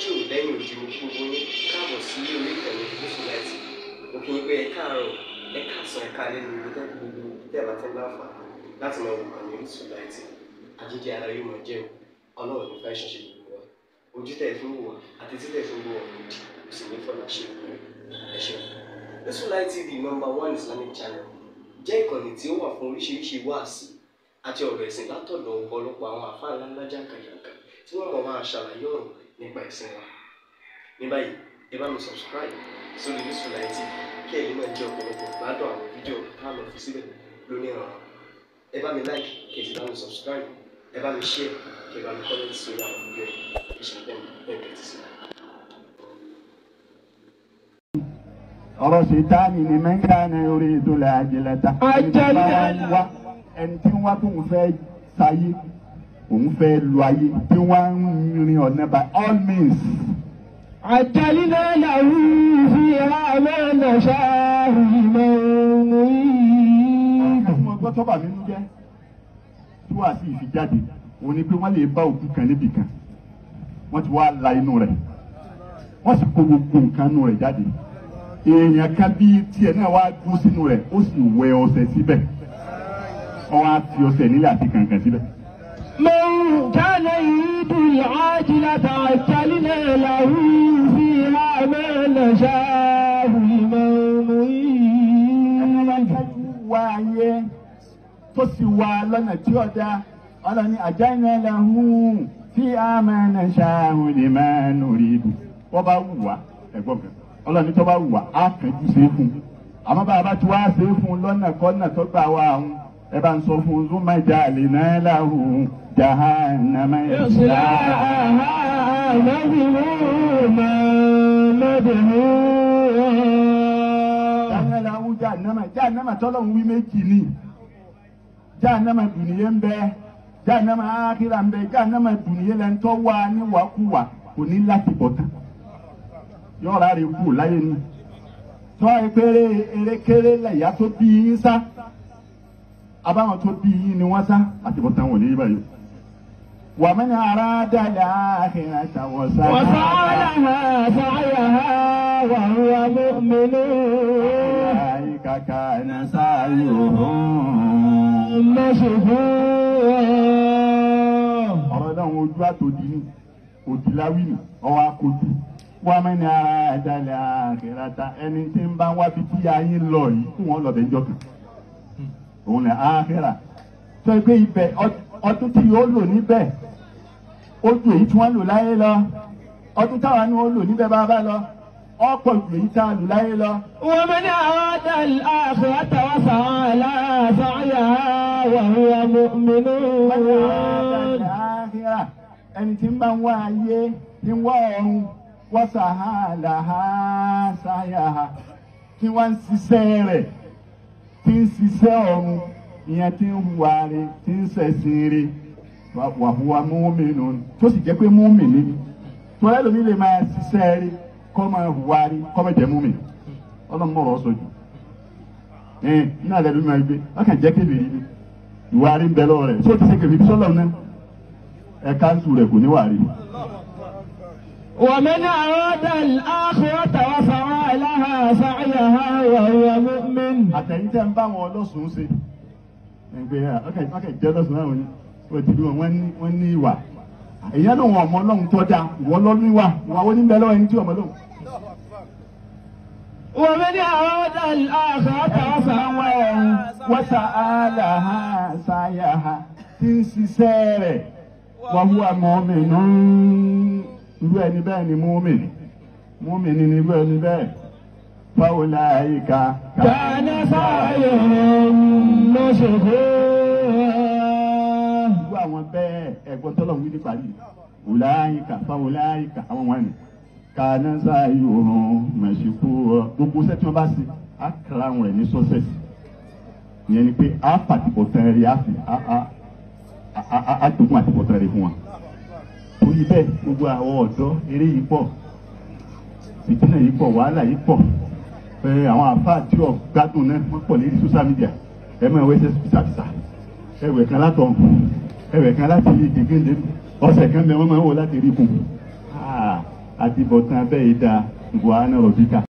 jù lẹ́yìn òdi gbogbo yín káàbọ̀ sí orí ìtẹ̀wé gúúsù láti mo kí n pé ẹ káàárọ̀ ẹ káàsán ẹ káàlẹ́ ní ibi tẹ́kù gbogbo tẹ́ bá ti ń láǹfà láti máa wò kàn ní àjíjẹ ara yóò máa jẹun ọlọ́run nípa ìṣẹ̀ṣẹ̀ gbogbo wa ojú fún wò àti títẹ̀ fún wò kò sì ní fọlá ṣe number one Islamic channel jẹ́ ìkànnì tí ó wà fún oríṣiríṣi wáàsí àti ọ̀rọ̀ ẹ̀sìn látọ̀dọ̀ ọ̀pọ̀lọpọ̀ àwọn àfáà ńláńlá jákàjàkà tí wọ́n mọ̀ máa ṣàlàyé ọ̀rọ̀ nípa ẹ̀sìn wa ní báyìí ẹ bá mi subscribe sórí Yusuflahi TV kí ẹ̀yin náà jẹ́ ọ̀pọ̀lọpọ̀ gbádùn àwọn fídíò tá a lọ fi síbẹ̀ lónìí ìrànwọ́ ẹ bá mi like kí ẹ sì bá mi subscribe ẹ bá mi share kí ẹ bá mi comment sórí àwọn fídíò yìí ìṣẹ̀lẹ̀ ẹ̀ẹ́dẹ̀ ti sí. ọ̀rọ̀ ṣètáàní ni mẹ́ńkà ni orí ìdúlẹ̀ àjẹlẹ̀ta ẹni tí wọ́n tún fẹ́ sayé òun fẹ́ lu ayé tí wọ́n ń rin ọ̀nà by all means. àtẹ̀lílẹ̀ làwọn ìfi àlọ́ ẹ̀lẹ́ṣà ìmọ̀ ìrìn. àwọn ọgbọ́n tó bà mí nú jẹ́ tí wàá sì fi jáde òun ni pé wọ́n lè bá òkú kan níbì kan wọ́n ti wá la inú rẹ̀ wọ́n sì kó gbogbo nǹkan inú rẹ̀ jáde èèyàn kan bí tiẹ̀ náà wá dúró sínú rẹ̀ ó sì wẹ ọṣẹ síbẹ̀ ó wá fi ọṣẹ nílẹ̀ àti kàǹkàn síbẹ̀. فجعلنا له فيها ما نشاء لمن نريد tó sì wá lọ́nà tí ó dá ọlọ́ni àjáyẹ lẹ́hùn tí a máa ń ṣàhùn ní máa ń rí ibù wọ́n bá wù wá ẹ̀gbọ́n kan ọlọ́ni tó bá wù wá á kẹ́jú ṣe fún un àmọ́ bá a bá ti wá ṣe fún un lọ́nà kọ́nà tó gbà wá àwọn ẹ bá ń sọ fún un zúmọ̀ jà lè náà láhùn. جهنم يصلاها مذموما مدحورا jahannama jahannama tọ́lọ́hún wí méjì ni jahannama dùnìyẹ ń bẹ jahannama ákírà ń bẹ jahannama dùnìyẹ lẹ ń tọ́ wá níwàkúwà kò ní láti bọ̀ tán yọ̀ọ̀ra rẹ̀ kú láyé ni tọ́ ìpèrè erékeré lẹ̀yà tó bí yín sá abáwọn tó bí ni wọ́n sá àti bọ̀ tán wọ̀ ومن أراد الآخرة وسعى سعيها وهو مؤمن أولئك كان سعيهم مشهورا ọ̀rọ̀ náà wọn ojú ara ẹ̀dálẹ̀ àkẹ́rẹ́ta ẹni tí ń bá wá bíbí ayé lọ yìí kí wọ́n lọ bẹ̀ òun lẹ̀ àkẹ́rà tó ẹgbẹ́ ibẹ̀ ọdún tí yóò lò níbẹ̀ ó ju èyí tí wọ́n lò láyé lọ ọdún táwa ni wọ́n lò níbẹ̀ bá bá lọ ọ̀pọ̀ ju èyí tá a lò láyé lọ. wọ́n mi ní àwọn ọ̀dà àfẹ́ àtàwọn sàn aláàfáàyà wà wíwá mímú. ẹni tí ń bá ń wá ayé ń wá ọ̀run wọ́n sàhálà ha sáyà ha kí wọ́n ń ṣiṣẹ́ rẹ̀ tí ń ṣiṣẹ́ ọ̀run ìyẹn tí ń hùwà rẹ̀ tí ń ṣẹ̀sìn rẹ̀ wàhùwà múmìnú tó sì jẹ́ pé múmìnú ni tó ẹlòmí lè máa ṣiṣẹ́ rí kọ́ máa hùwà rí kọ́ máa jẹ́ múmìnú ọlọ́run mọ̀rọ̀ ọ̀sọ̀ jù ẹ̀ náà lẹ́nu máa gbé ọkàn jẹ́ kébìrì ni ìwà rí ń bẹ tó ti ṣe kébìrì sọ́lọ̀ náà ẹ̀ káńsù rẹ̀ kò ní wà rí. ومن أراد الآخرة وسعى لها سعيها وهو مؤمن. àtẹ̀yìntẹ̀ ń bá wọn ọlọ́sùn ṣe ẹgbẹ́ òdìdí wọn ní ìwà èyí ló wọn ọmọ ọlọ́run tó dáa ìwọ lọ ní ìwà ìwà wo ní bẹ lọ́wọ́ ẹni tí ọmọ lọ́wọ́. ومن أراد الآخرة فهواه وسعى لها سعيها tí ń ṣiṣẹ́ rẹ̀ wa huwa mu'minun irú ẹni bẹ́ẹ̀ ni mu'mini mu'mini ni irú ẹni bẹ́ẹ̀ fa ulaika. كان سعيهم مشكورا bẹ́ẹ̀ ẹ̀gbọ́n tọ́lọ̀ ń wí ní parí wùláyìíkà fáwùláyìíkà àwọn wọn ni kànáńsà ìhòòhùn mẹ̀sìkú gbogbo sẹ́tí wọn bá sí á kàrà àwọn rẹ̀ ní sọ́sẹ̀sì ìyẹn ni pé á pàtìpọ̀ tán rí á fi á gbógun àtìpọ̀ tán fún wa torí bẹ́ẹ̀ gbogbo àwọn ọ̀dọ́ eré yìí pọ̀ ìdínà yìí pọ̀ wàhálà yìí pọ̀ àwọn àfáà gbádùn náà wọ́n pọ̀ lérí social media ẹ̀ mọ̀ ẹ̀wẹ́ sẹ́sì pìtàpìtà ẹ̀wẹ̀ kan látọ̀ ẹ̀wẹ̀ kan láti rí dìgbìndì ọ̀sẹ̀ kan bẹ wọ́n máa ń wọ láti rí kù ah, àti bọ̀tán abẹ́ ìdá ìbò àánà rọ̀bíkà.